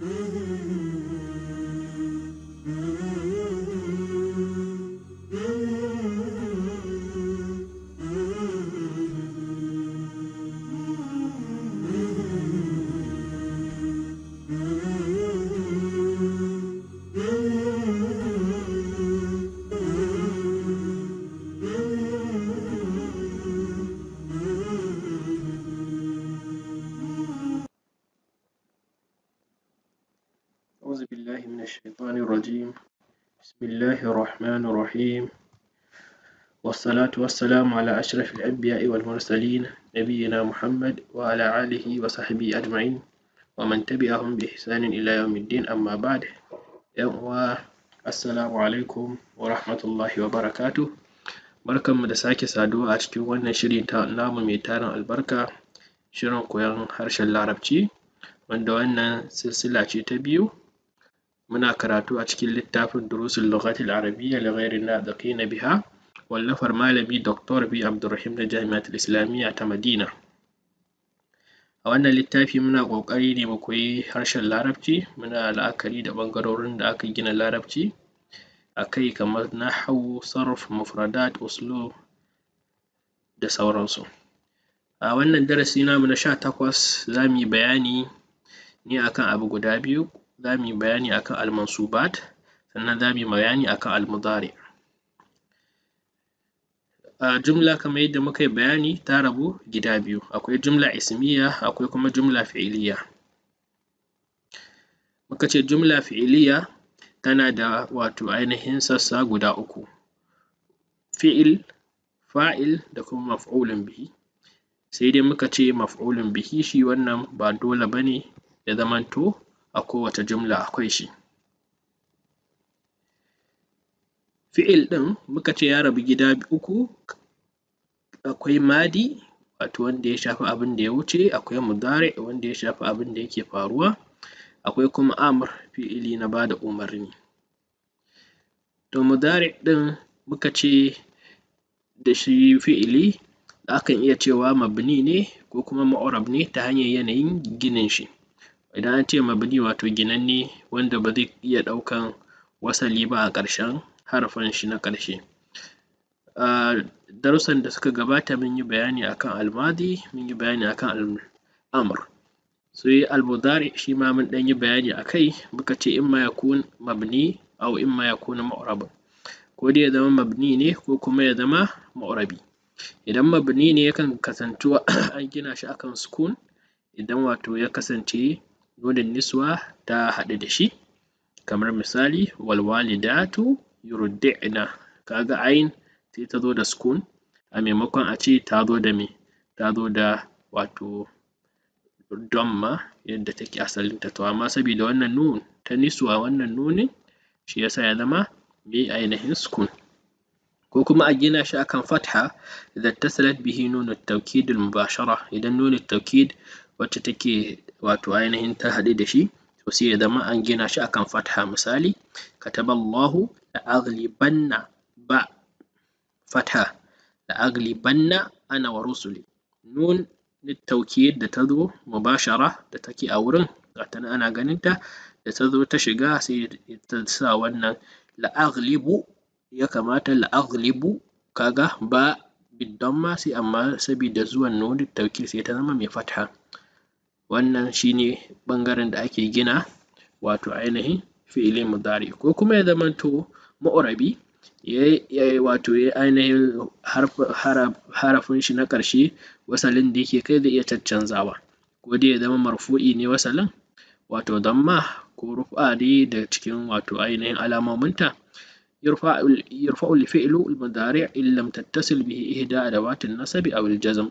Mm-hmm. الرحيم والصلاة والسلام على أشرف الأنبياء والمرسلين نبينا محمد وعلى آله وصحبه أجمعين ومن تبعهم بإحسان إلى يوم الدين أما بعد السلام alaikum wa rahmatullahi wa barakatu barkanmu da sake saduwa a cikin wannan shiri namu mai tarin albarka shirin koyon harshen larabci wanda wannan silsila ce ta biyu Muna karatu a cikin littafin Durusun Lughatil Arabiyya li ghairi nadiqina biha wallafar Malami Dr. B. abdurrahim na Jami'atul Islamiyya ta Madina. A wannan littafi muna ƙoƙari ne mu koyi harshen Larabci, muna la'akari da bangarorin da aka gina Larabci a kai kamar Nahau, Sarf, Mufradat, Uslub da sauransu. A wannan darasi namu na sha takwas za mu yi bayani ne akan abu guda biyu zamuyi bayani akan al-mansubat sannan zamuyi bayani akan al-mudari A jumla kamar yadda yi bayani ta rabu gida biyu akwai jumla ismiyya akwai kuma jumla fi'iliya muka ce jumla fi'iliya tana da wato ainihin sassa guda uku fi'il fa'il da kuma maf'ulun bihi sai dai muka ce maf'ulun bihi shi wannan ba dole bane ya zamanto a kowace jumla akwai shi fi'il ɗin muka ce ya rabu gida uku akwai madi wato wanda ya shafi abin da ya wuce akwai mudari wanda ya shafi abin da yake faruwa akwai kuma Amur, fi'ili na bada umarni to mudari ɗin muka ce da shi fi'ili akan iya cewa mabni ne ko kuma mu'rab ne ta hanyar yanayin ginin shi idan an ce mabni wato ginanne wanda ba zai iya ɗaukan wasali ba a ƙarshen harafin shi na ƙarshe a darussan da suka gabata mun yi bayani akan kan madi mun yi bayani akan kan amr sai al shi ma mun ɗan yi bayani a kai muka ce in ma ya kun mabni aw ma ya kun mu'rabun ko dai ya zama mabni ne ko kuma ya zama mu'rabi idan mabni ne yakan kasantu an gina shi akan sukun idan wato ya kasance nunin niswa ta haɗu da shi kamar misali walwalidatu walidatu yurdi'na kaga ain sai ta zo da sukun a maimakon a ce ta zo da me ta zo da wato damma yadda take asalinta to amma sabida wannan nun ta niswa wannan nunin shi yasa ya zama me ainihin sukun ko kuma a gina shi akan fatha idza tasalat bihi nunu at-tawkid al-mubashara idan nunu at-tawkid wacce take wato ainihin ta haɗu da shi to sai ya zama an gina shi akan fatha misali kataballahu la'aghlibanna ba fatha la'aghlibanna ana wa rusuli nun littaukiyar da ta zo mubashara da take a wurin gata ana ganin ta da ta zo ta shiga sai ta sa wannan la'aghlibu ya kamata la'aghlibu kaga ba biddan ma sai amma sabida zuwan nun littaukil sai ta zama mai fatha wannan shi ne ɓangaren da ake gina wato ainihin filin mudari ko kuma ya zamanto ya yi wato ya ainihin harafin shi na ƙarshe wasalin da yake kai da iya caccanzawa ko dai ya zama marfu'i ne wasalin wato damma ko rufu'a dai da cikin wato ainihin alamominta يرفع يرفع الفعل المضارع إن لم تتصل به إحدى أدوات النصب أو الجزم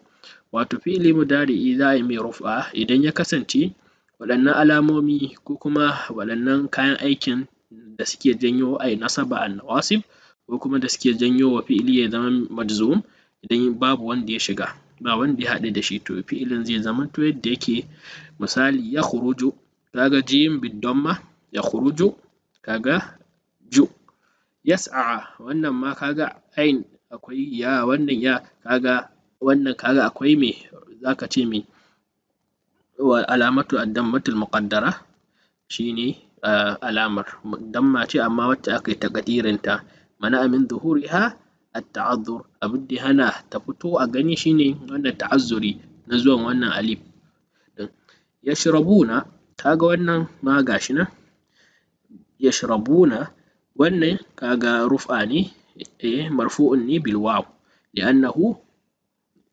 wato fi'ili mudari'i za a yi mai rufa idan ya kasance waɗannan alamomi ko kuma waɗannan kayan aikin da suke janyo ai nasaba an nawasib ko kuma da suke janyo wa fi'ili ya zama majzum idan babu wanda ya shiga ba wanda ya hade da shi to fi'ilin zai zamanto yadda yake misali yakhruju kaga jim bid ya yakhruju kaga yas'a wannan ma kaga ain akwai ya wannan ya kaga wannan kaga akwai me zaka ce me wa alamatu addammatul muqaddara shine alamar damma ce amma wacce aka yi takadirin ta amin min zuhuriha at-ta'azzur abin da hana ta fito a gani shine wannan ta'azzuri na zuwan wannan alif Yashirabuna yashrabuna kaga wannan ma gashi nan yashrabuna وان كاغا رفعني ايه مرفوع بالواو لانه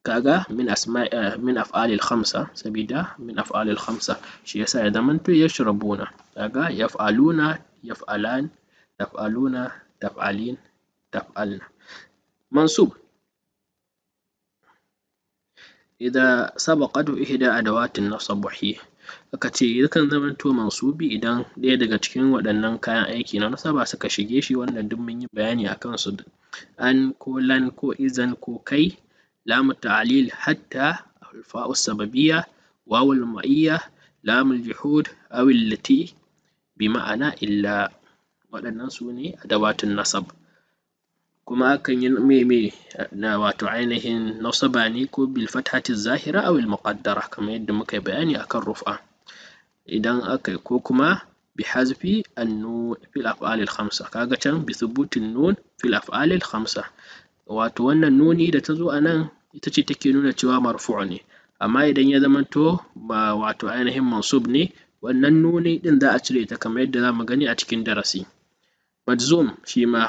كاغا من اسماء من افعال الخمسه سبيدا من افعال الخمسه شي يسا منتو يشربون كاغا يفعلون يفعلان تفعلون تفعلين تفعلن منصوب إذا سبقته إحدى أدوات النصب وحيه aka ce yakan zamanto mansubi idan ɗaya daga cikin waɗannan kayan aiki na nasaba suka shige shi wannan duk mun yi bayani a kan su an ko lan ko izan ko kai lamu ta'alil hatta alfa'us sababiyya wawul ma'iyya lamul juhud awil lati bi ma'ana illa waɗannan su ne adabatun nasab kuma akan yi meme na wato ainihin nasaba ne ko bil fathati zahira awil muqaddara kamar yadda muka yi bayani akan rufa idan aka ko kuma bi hazfi annun fil af'alil khamsa kaga can bi thubutin nun fil af'alil khamsa wato wannan nuni da ta zo a nan ita ce take nuna cewa marfu' ne amma idan ya zama to ba wato ainihin mansub ne wannan nuni din za a cire ta kamar yadda zamu gani a cikin darasi majzum shi ma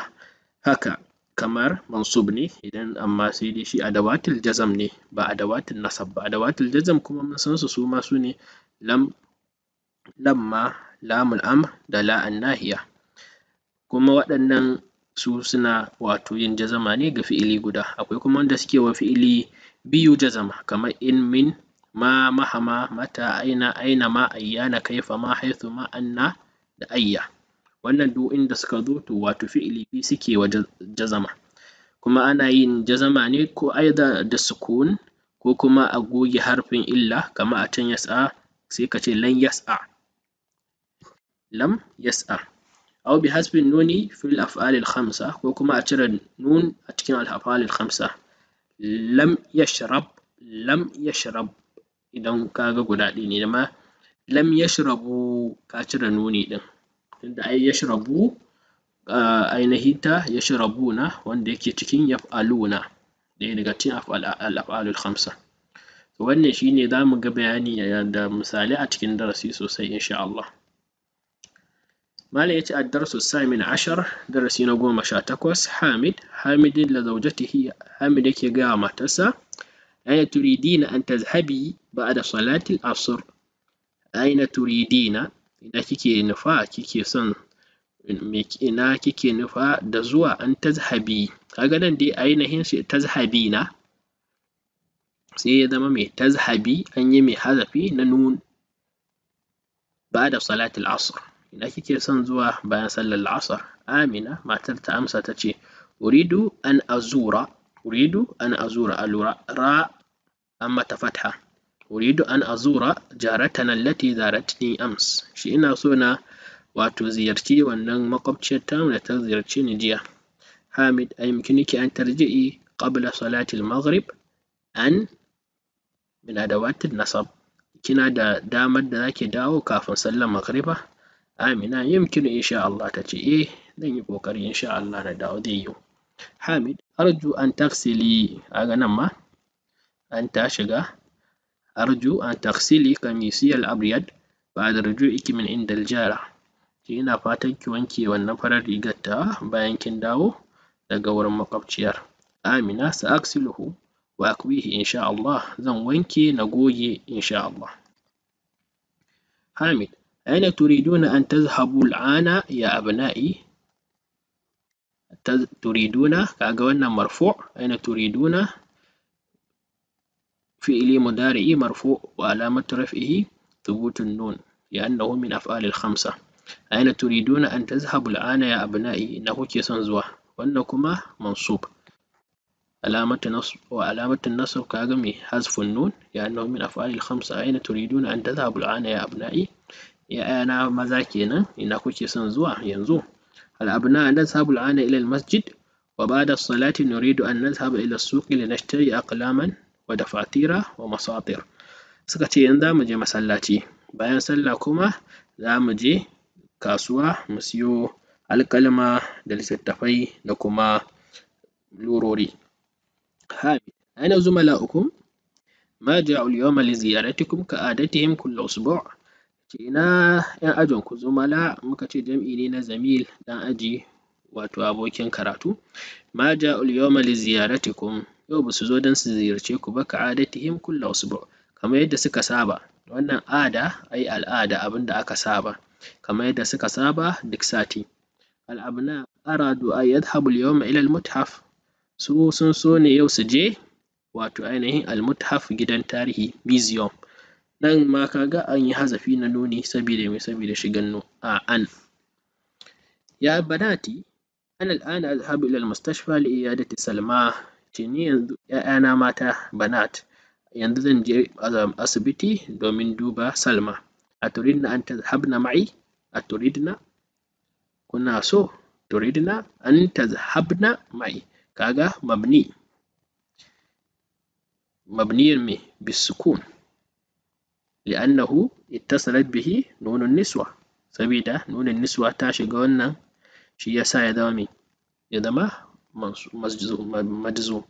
haka kamar mansub ne idan amma sai dai shi adawatul jazam ne ba adawatul nasab ba adawatul jazam kuma mun san su su ma su ne lam lam ma lamul amr da la'an nahiya kuma waɗannan su suna wato yin jazama ne ga fi'ili guda akwai kuma wanda suke wa fi'ili biyu jazama kamar in min ma mahama mata aina aina ma ayyana kaifa ma haithu ma anna da ayya wannan duk inda suka zo to wato fi'ili biyu suke wa jazama kuma ana yin jazama ne ko aida da sukun ko kuma a goge harfin illa kamar a can yas'a sai ka ce lan yas'a lam yas'al aw bi hasbin nuni fil af'al al khamsa ko kuma a cire nun a cikin al af'al al khamsa lam yashrab lam yashrab idan kaga guda ɗaya ne amma lam yashrabu ka cire nuni din tunda ai yashrabu ainihin ta yashrabuna wanda yake cikin yaf'aluna ɗaya daga cikin al af'al al khamsa wannan shine zamu ga bayani da misalai a cikin darasi sosai insha Allah malam ya ad-darsu samin ashar darasi na goma sha takwas hamid hamid la zawjatihi hamid yake ga matarsa aina turidina an tazhabi ba'da salati al-asr aina turidina ina kike nufa kike son ina kike nufa da zuwa an tazhabi kaga nan dai ainihin shi tazhabi na sai ya zama mai tazhabi an yi mai hazafi na nun ba da salatul asur. ina kike son zuwa bayan sallar la'asar amina matar ta amsa ta ce uridu an azura uridu an azura alura ra an mata fatha uridu an azura jaratana allati zaratni ams shi ina so na wato ziyarci wannan makwabciyar tamu da ta ziyarci ni jiya hamid ayumkiniki an tarji'i qabla salatil maghrib an min adawatin nasab kina da damar da zaki dawo kafin sallar magriba Amina yumkinu insha Allah ta ce eh zan yi ƙoƙari sha Allah na dawo zai yiwu. Hamid arju an taksili A ganin ma an ta shiga arju an taksili kamisiyal abyad ba'da ruju'iki min indal jara ina fatan ki wanke wannan farar rigar bayan kin dawo daga wurin maƙwabciyar. Amina sa'aksiluhu wa akwihi insha Allah zan wanke na goge insha Allah. Hamid أين تريدون أن تذهبوا الآن يا أبنائي؟ تريدون كأجوانا مرفوع أين تريدون في إلي مدارئي مرفوع وعلامة رفعه ثبوت النون لأنه من أفعال الخمسة أين تريدون أن تذهبوا الآن يا أبنائي إنه كيسان وأنكما منصوب علامة نصب وعلامة النصب كاجا حذف النون لأنه من أفعال الخمسة أين تريدون أن تذهبوا الآن يا أبنائي ‘ya’yana maza kenan ina kuke son zuwa yanzu al’abuna an dan sabu la’ana ilal masjid wa ba da salati nuridu an dan sabu ilal suƙi da nashtari a kalaman wa da fatira wa masatir suka ce yanzu mu je masallaci bayan sallah kuma za mu je kasuwa mu siyo alkalma da littattafai da kuma lurori أنا زملاؤكم ما جاءوا اليوم لزيارتكم كعادتهم كل أسبوع ce 'yan ajin ku Zumala muka ce jam'i ne na Zamil ɗan aji wato abokin karatu ma ja'ul yawma li ziyaratikum yau su zo don su ziyarce ku ba ka adatihim kulla usbu kamar yadda suka saba wannan ada ai al'ada abin da aka saba kamar yadda suka saba duk sati al'abna aradu an yadhhabu al-yawma ila al-muthaf su sun so ne yau su je wato ainihin al-muthaf gidan tarihi museum nan ma kaga yi hazafi na nuni sabida mai sabida shigan an ya banati An al'ana azhabu ila almustashfa li iyadati salma tini yanzu ƴaƴana mata banat yanzu zan je asibiti domin duba salma A turidna an tazhabna ma'i a turidna. kuna so turidna an tazhabna ma'i kaga mabni mabniyin me bisukun li'annahu ittasalat bihi nunun niswa sabida nunin niswa ta shiga wannan shi yasa ya zama ya zama majzum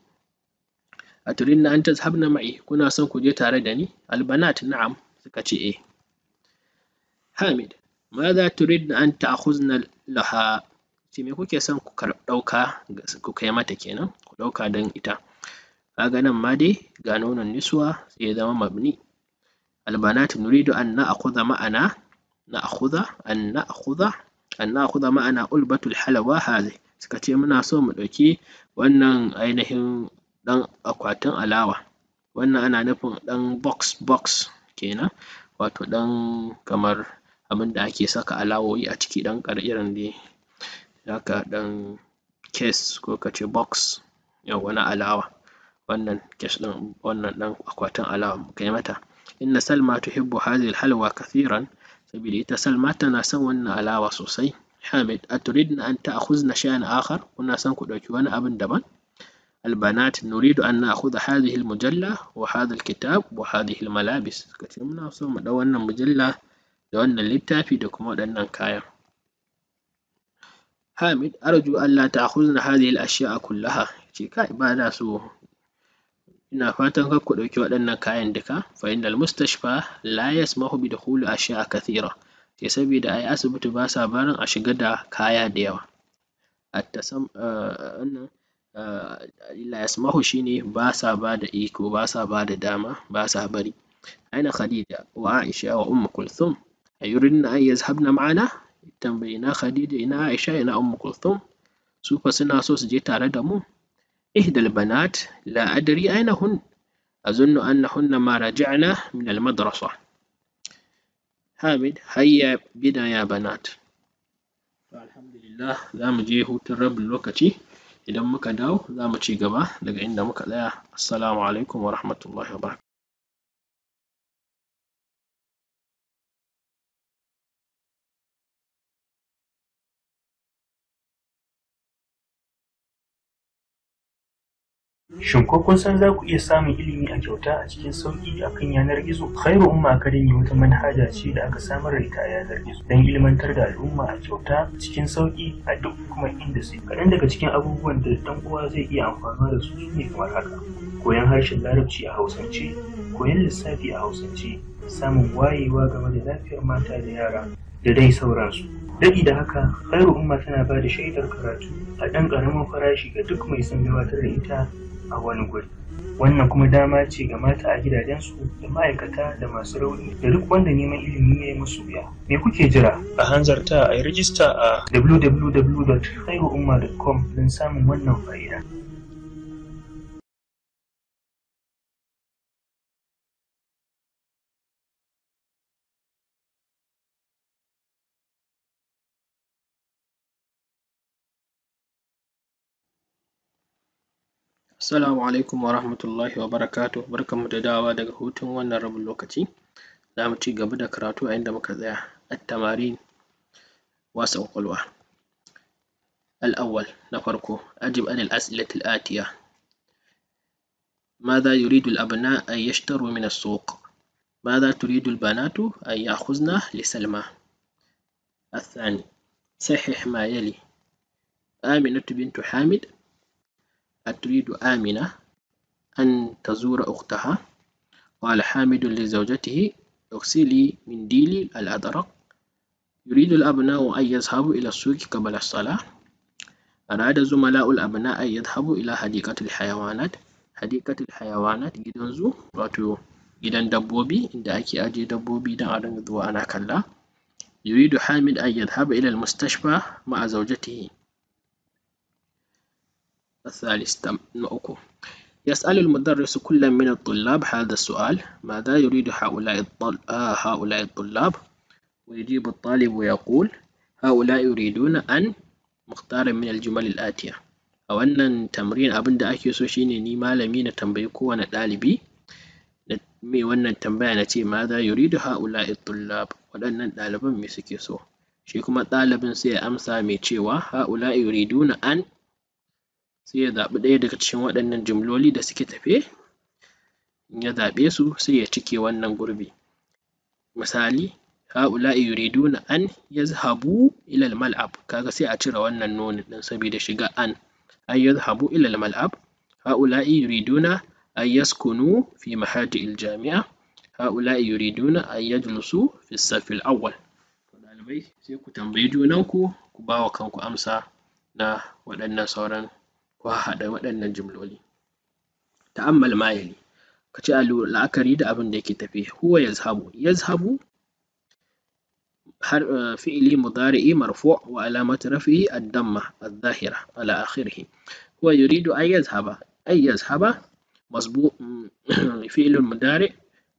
a turinna an tazhabna ma'i kuna son ku je tare da ni albanat na'am suka ce eh hamid ماذا a أن تأخذنا لها ce me kuke son ku ɗauka ku kai mata kenan ku ɗauka don ita kaga nan ma dai ga nonon niswa sai ya zama mabni البنات نريد أن نأخذ معنا نأخذ أن نأخذ أن نأخذ معنا علبة الحلوى هذه suka ce muna so mu ɗauki wannan ainihin ɗan akwatin alawa wannan ana nufin ɗan كينا واتو kenan wato ɗan kamar abin ake saka alawowi a ciki ɗan irin dai haka ɗan kes ko kace ce wannan ɗin wannan ɗan akwatin alawa kai mata إن سلمى تحب هذه الحلوى كثيرا سبيلي تسلمى تناسون على sosai حامد a أن تأخذنا شيئا آخر akhar kuna son أبن دبان البنات نريد أن نأخذ هذه المجلة وهذا الكتاب وهذه الملابس كثير من أصوم لو أن مجلة لو أن في دكما لأن حامد أرجو ألا تأخذنا هذه الأشياء كلها شيكا إبانا سو ina fatan kar ku ɗauki waɗannan kayan duka fa innal mustashfa la yasmahu bi dukhuli ashya'a kathira sai saboda ai asibiti ba sa barin a shiga da kaya da yawa attasam eh, wannan eh, la yasmahu shine ba sa da iko ba sa ba da dama ba sa bari aina khadija wa aisha wa ummu kulthum na an habna ma'ana tambayi ina khadija ina aisha ina ummu kulthum su fa suna so su je tare da mu إهدى البنات لا أدري أين هن أظن أنهن ما رجعنا من المدرسة حامد هيا بنا يا بنات الحمد لله لا مجيه ترب لوكتي إذا مكداو لا مجي قبا لقد عندما السلام عليكم ورحمة الله وبركاته Shin ko kun san za ku iya samun ilimi a kyauta a cikin sauƙi a kan yanar gizo? Khairu Umma Academy wata manhaja ce da aka samar da ita a yanar gizo don ilmantar da al'umma a kyauta cikin sauƙi a duk kuma inda su. Kaɗan daga cikin abubuwan da ɗan uwa zai iya amfana da su su ne kamar haka. Koyon harshen Larabci a Hausance, koyon lissafi a Hausance, samun wayewa game da lafiyar mata da yara da dai sauransu. Daɗi da haka, Khairu Umma tana ba da shaidar karatu a ɗan ƙaramin farashi ga duk mai son gabatar da ita a wani guri wannan kuma dama ce ga mata a gidajensu da ma'aikata da masu rauni da duk wanda neman ilimi ya yi musu biya me kuke jira a hanzarta a yi rijista a www.khairuumma.com don samun wannan fa'ida Assalamu alaikum wa rahmatullahi wa barakatuh barkanmu da dawowa daga hutun wannan rabin lokaci za mu ci gaba da karatu a inda muka tsaya at-tamarin wasa ƙwaƙwalwa al-awwal na farko ajib anil as'ilati al-atiya ماذا يريد الأبناء أن يشتروا من السوق؟ ماذا تريد البنات أن يأخذن لسلمى؟ الثاني صحح ما يلي آمنة بنت حامد أتريد آمنة أن تزور أختها قال حامد لزوجته اغسلي منديلي الأزرق يريد الأبناء أن يذهبوا إلى السوق قبل الصلاة أراد زملاء الأبناء أن يذهبوا إلى حديقة الحيوانات حديقة الحيوانات gidan zoo wato gidan dabbobi inda ake ajiye dabbobi don a ringa يريد حامد أن يذهب إلى المستشفى مع زوجته الثالث نوكو يسأل المدرس كل من الطلاب هذا السؤال ماذا يريد هؤلاء, الطل... آه هؤلاء الطلاب ويجيب الطالب ويقول هؤلاء يريدون أن مختار من الجمل الآتية أو أن تمرين أبن داكي سوشيني نيما لمين تنبيكو ونالبي مي وانا تنبيع نتي ماذا يريد هؤلاء الطلاب ولأن الطالب ميسكي سو شيكما سي أمسا ميتشي هؤلاء يريدون أن sai ya zaɓi ɗaya daga cikin waɗannan jimloli da suke tafe in ya zaɓe su sai ya cike wannan gurbi misali ha'ula'i yuriduna an yazhabu ila al-mal'ab kaga sai a cire wannan nonon ɗin saboda shiga an an yazhabu ila al-mal'ab ha'ula'i yuriduna an yaskunu fi mahaji il jami'a ha'ula'i yuriduna an yajlisu fi as-saffi al-awwal ɗalibai sai ku tambayi junanku ku bawa kanku amsa na waɗannan sauran haɗa waɗannan jumloli ta'ammal ma yali ka ci la'akari da abin da yake tafi huwa yazhabu yazhabu har fi'li mudari'i marfu' wa alamat rafi'i ad-damma adh-dhahira ala akhirih huwa yuridu ay yazhaba ay yazhaba مسبوق فعل مضارع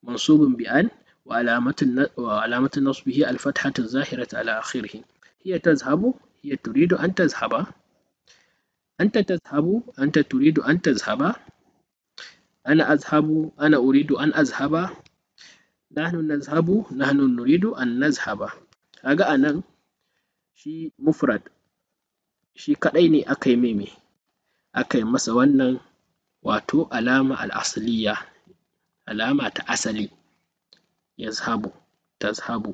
منصوب بأن وعلامة وعلامة نصبه الفتحة الظاهرة على آخره هي تذهب هي تريد أن تذهب anta tazhabu anta turidu an tazhaba ana azhabu ana uridu an azhaba nahnu nazhabu nahnu nuridu an nazhaba kaga anan shi mufrad shi kadai ne aka yi mai aka yi masa wannan wato alama al'asliya alama ta asali yazhabu tazhabu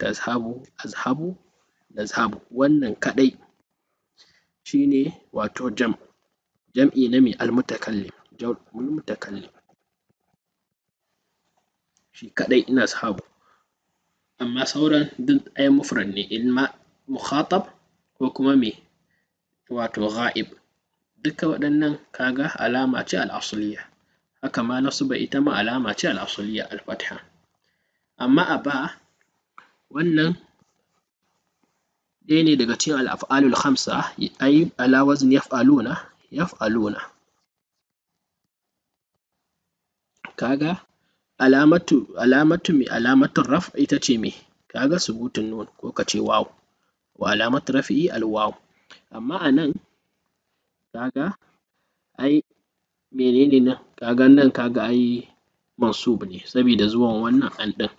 tazhabu azhabu nazhabu wannan kadai shi ne wato jam jam'i na mai almutakallim jam'ul mutakallim shi kaɗai ina sahabu amma sauran duk ai mufrad ne ma mukhatab ko kuma me wato ghaib duka waɗannan kaga alama ce al'asuliya haka ma nasuba ita ma alama ce al'asuliya al amma a ba wannan ɗaya ne daga cikin al'af'alul hamsa. ai ala wazn yaf'aluna yaf'aluna kaga alamatu mai me alamatu raf ita ce me kaga subutun nun ko ka ce waw wa alamatu raf'i al waw amma nan kaga ai menene nan kaga nan kaga ai mansub ne sabida zuwan wannan an ɗin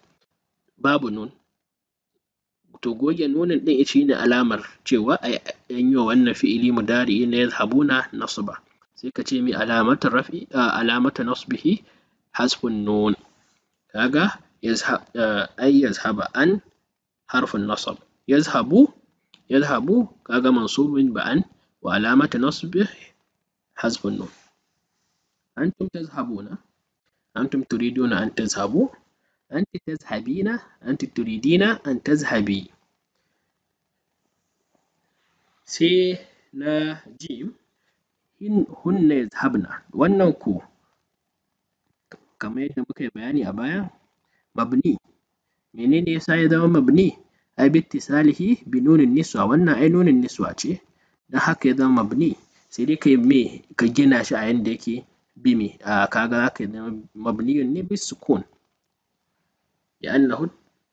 babu nun to goge nunin ɗin ne alamar cewa an yanyo wannan fi'ili mudari na yadhhabuna nasba sai ka ce mi alamata rafi alamata nasbihi hasfun nun kaga ay yazhaba an harfun nasab yazhabu yazhabu kaga mansubun ba an wa alamata nasbihi hasbun nun antum tazhabuna antum turiduna an tazhabu أنت تذهبين أنت تريدين أن تذهبي sai na jim hunna yadhhabna wannan ku? kamar yadda muka yi bayani a baya mabni menene yasa ya zama mabni ai bittisalihi bi nunin niswa wannan ai nunin niswa ce don haka ya zama mabni sai dai kai me ka gina shi a yanda yake bi me a kaga zaka zama mabniyun ne bis sukun لأنه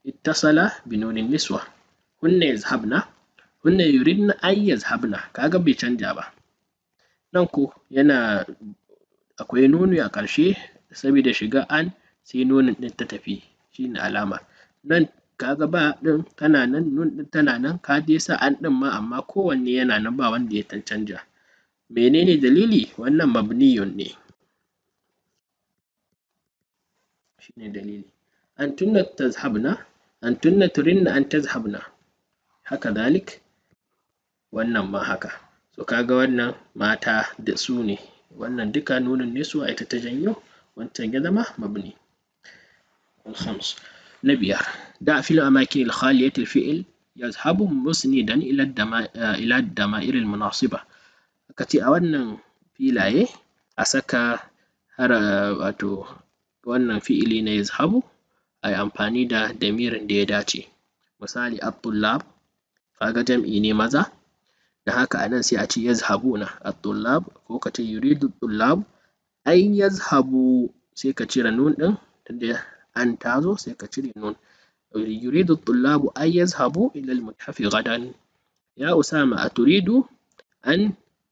اتصل بنون النسوة هن يذهبن هن يريدن أن يذهبن kaga bai canja ba nan ko yana akwai nuni a ƙarshe saboda shiga an sai nunin ɗin ta tafi shine alamar nan kaga ba ɗin tana nan nun ɗin tana nan ka dai sa an ɗin ma amma kowanne yana nan ba wanda ya canja menene dalili wannan mabniyun ne antunna tazhabna antunna turinna an tazhabna haka dalik wannan ma haka so kaga wannan mata da su ne wannan duka nunin ne su ita ta janyo wancan ya zama mabni da نبيا دع في الأماكن yazhabu الفعل يذهب dama ila الدما إلى munasiba المناصبة a wannan filaye a saka har wato wannan fi'ili na yazhabu ayi amfani da damirin da ya dace misali abdullah kaga jam'i ne maza da haka anan sai a ce yazhabuna at-tullab ko ka ce yuridu at-tullab ay yazhabu sai ka cire nun din tunda an tazo sai ka cire nun yuridu at-tullab ay yazhabu ila al-muthaffi gadan ya usama aturidu an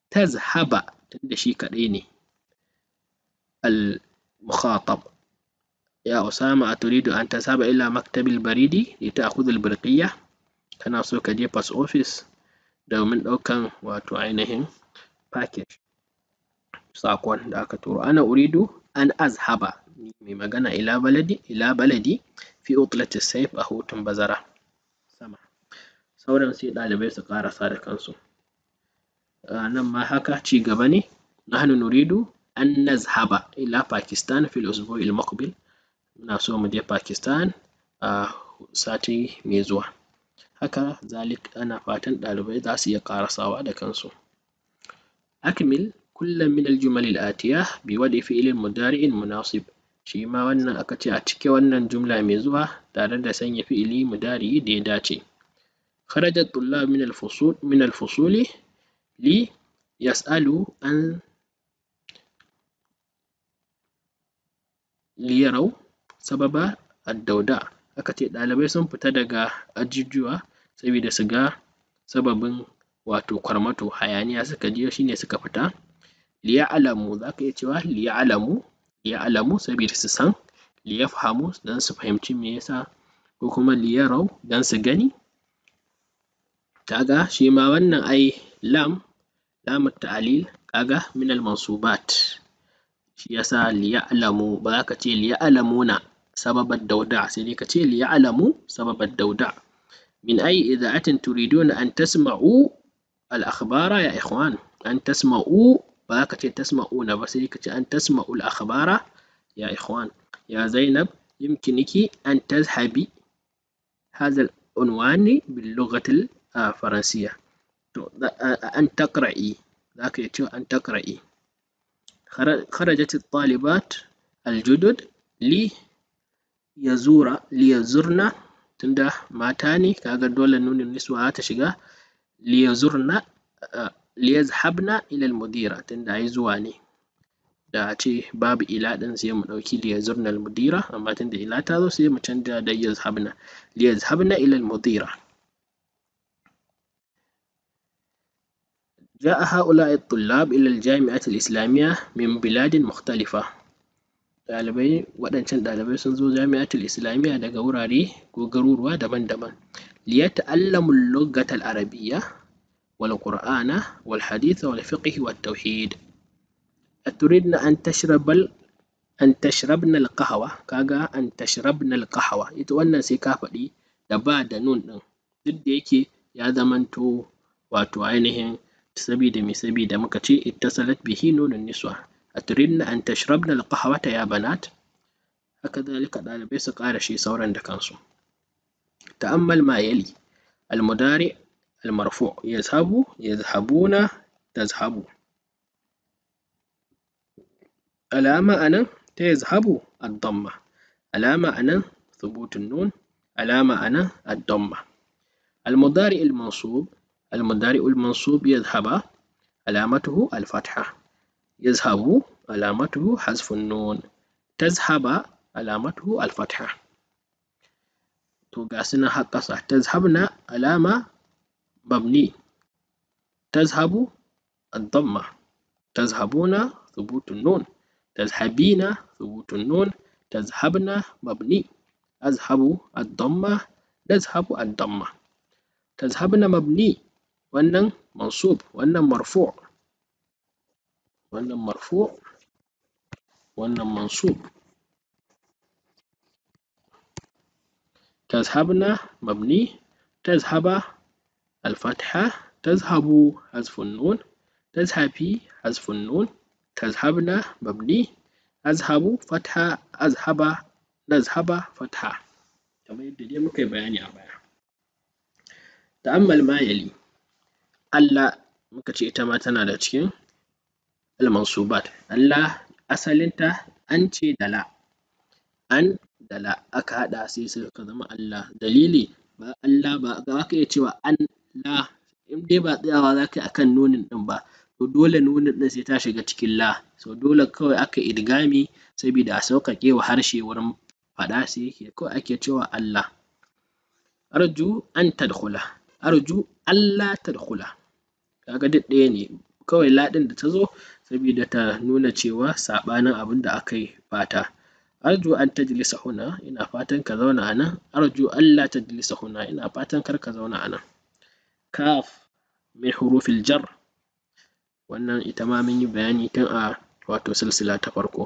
tazhaba tunda shi kadai ne al-mukhatab ya Osama aturidu an tasaba ila maktabil baridi a litakhudha albarqiyya kana so ka je post office domin ɗaukan wato ainihin package sakon da aka tura ana uridu an azhaba mai magana ila baladi ila baladi fi utlati saif a hutun bazara sama sauran sai ɗalibai su ƙarasa da kansu nan ma haka ci gaba ne nahnu uridu an nazhaba ila pakistan fil usbu'il muna so mu je Pakistan a sati mai zuwa haka zalik ana fatan ɗalibai za su iya ƙarasawa da kansu akmil kullum min aljumal atiya bi wadi fi'lin mudari'in munasib shi ma wannan aka ce a cike wannan jumla mai zuwa tare da sanya fi'ili mudari'i da ya dace min alfusul minal alfusuli li yasalu an li ليروا sababa addauda aka ce ɗalibai sun fita daga ajujuwa sabida su ga sababin wato kwarmato hayaniya suka jiyo shi ne suka fita alamu za ka iya cewa liya alamu sabida su san liyafhamu don su fahimci me yasa ko kuma liyarau don su gani kaga shi ma wannan ai lam lamut ta'lil kaga minal mansubat shi yasa alamu ba za ka ce alamuna. سبب الدودع سينيكتي ليعلموا سبب الدودع من أي إذاعة تريدون أن تسمعوا الأخبار يا إخوان أن تسمعوا باكتي تسمعوا بسيكتي أن تسمعوا الأخبار يا إخوان يا زينب يمكنك أن تذهبي هذا العنوان باللغة الفرنسية أن تقرأي ذاك يتيو أن تقرأي خرجت الطالبات الجدد لي ya zura liya zurna tunda mata ne kaga dole nunin niswa ta shiga liya zurna liya zahabna ilal mudira tunda ai zuwa ne da a ce babu ila din sai mu ɗauki liya zurna al mudira amma tunda ila ta zo sai mu canja da liya zahabna liya zahabna ilal mudira جاء هؤلاء الطلاب إلى الجامعة الإسلامية من بلاد مختلفة dalibai waɗancan dalibai sun zo jami'atul islamiyya daga wurare ko garuruwa daban-daban lughatal arabiyya wal wal wal qur'ana haditha fiqh wat tauhid ليتعلموا اللغة العربية an tashrabna al qahwa kaga an tashrabna al qahwa القهوة wannan sai ka القهوة da ba da nun din duk da yake ya zamanto wato ainihin sabida mai sabida muka ce ittasalat bihi nunun niswa أتريدن أن تشربن القهوة يا بنات؟ هكذلك ɗalibai su ƙara shi sauran da تأمل ما يلي المدارى المرفوع يذهب يذهبون تذهب علامة أنا تذهب الضمة علامة أنا ثبوت النون علامة أنا الضمة المدارى المنصوب المدارى المنصوب يذهب علامته الفتحة يذهب علامته حذف النون تذهب علامته الفتحة توقاسنا حقا صح تذهبنا علامة مبني تذهب الضمة تذهبون ثبوت النون تذهبين ثبوت النون تذهبنا مبني أذهب الضمة نذهب الضمة تذهبنا مبني ونن منصوب ونن مرفوع wannan marfu' wannan mansub tazhabna mabni tazhaba alfatha tazhabu hazfun nun tazhabi hazfun nun tazhabna mabni azhabu fatha azhaba nazhaba fatha kamar yadda dai muka yi bayani a baya ta'ammal ma yali Allah muka ce ita ma tana da cikin almansubat asalin asalinta an ce dala an dala aka haɗa sai ka zama Allah. dalili ba Allah ba za waka iya cewa an la in dai ba tsayawa za ka akan nunin ɗin ba to dole nunin ɗin sai ta shiga cikin la so dole kawai aka idgami sabida a sauƙaƙe wa harshe wurin faɗa sai yake kawai ake cewa Allah. arju an tadkhula arju Allah tadkhula ka duk ɗaya ne kawai la da ta zo sabida ta nuna cewa saɓanin abin abinda akai fata arju an ta jilisa huna ina fatan ka zauna a nan arju ta jilisa huna ina fatan kar ka zauna a nan kaf min hurufil jar wannan ita ma mun yi bayani tun a wato silsila ta farko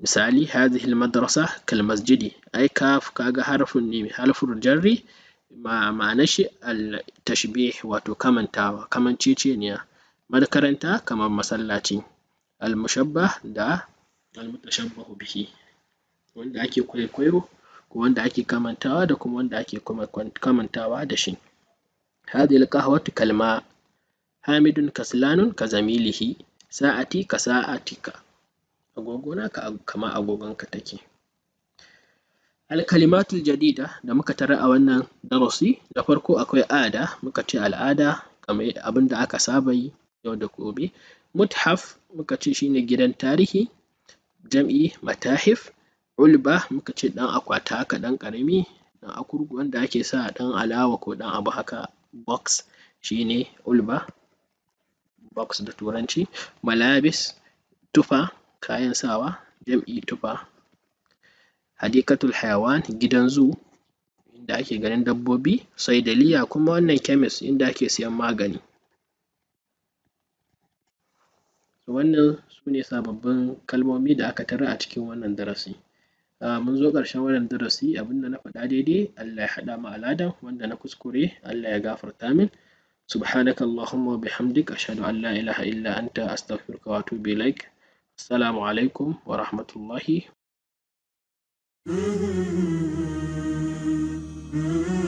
misali hadhihi almadrasa kal masjidi ai kaf kaga harfin ne harfin jarri ma'anar shi al tashbih wato kamantawa kamanceceniya makaranta kamar masallaci almushabbah da almutashabbahu bihi wanda ake kwaikwayo ko wanda ake kamantawa da kuma wanda ake kamantawa da shi هذه القهوة كالماء حامد كسلان كزميله ساعتي ka. agogona kama agogonka take alkalimatul jadida da muka tara a wannan darasi da farko akwai ada muka ce al'ada kamar abin da aka saba yi yau da gobe muthaf muka ce shine gidan tarihi jam'i matahif ulba muka ce ɗan akwata haka ɗan ƙarami ɗan akurgu wanda ake sa ɗan alawa ko ɗan abu haka box shine ulba box da turanci malabis tufa kayan sawa jam'i tufa hadikatul hayawan gidan zoo inda ake ganin dabbobi saidaliya kuma wannan kemis inda ake siyan magani Wannan su ne sababbin kalmomi da aka tarar a cikin wannan darasi. Mun zo ƙarshen wannan darasi abin da na faɗa daidai Allah ya haɗa mu al'ada wanda na kuskure Allah ya gafarta min. سبحانك اللهم وبحمدك أشهد أن لا إله إلا أنت أستغفرك وأتوب إليك السلام عليكم ورحمة الله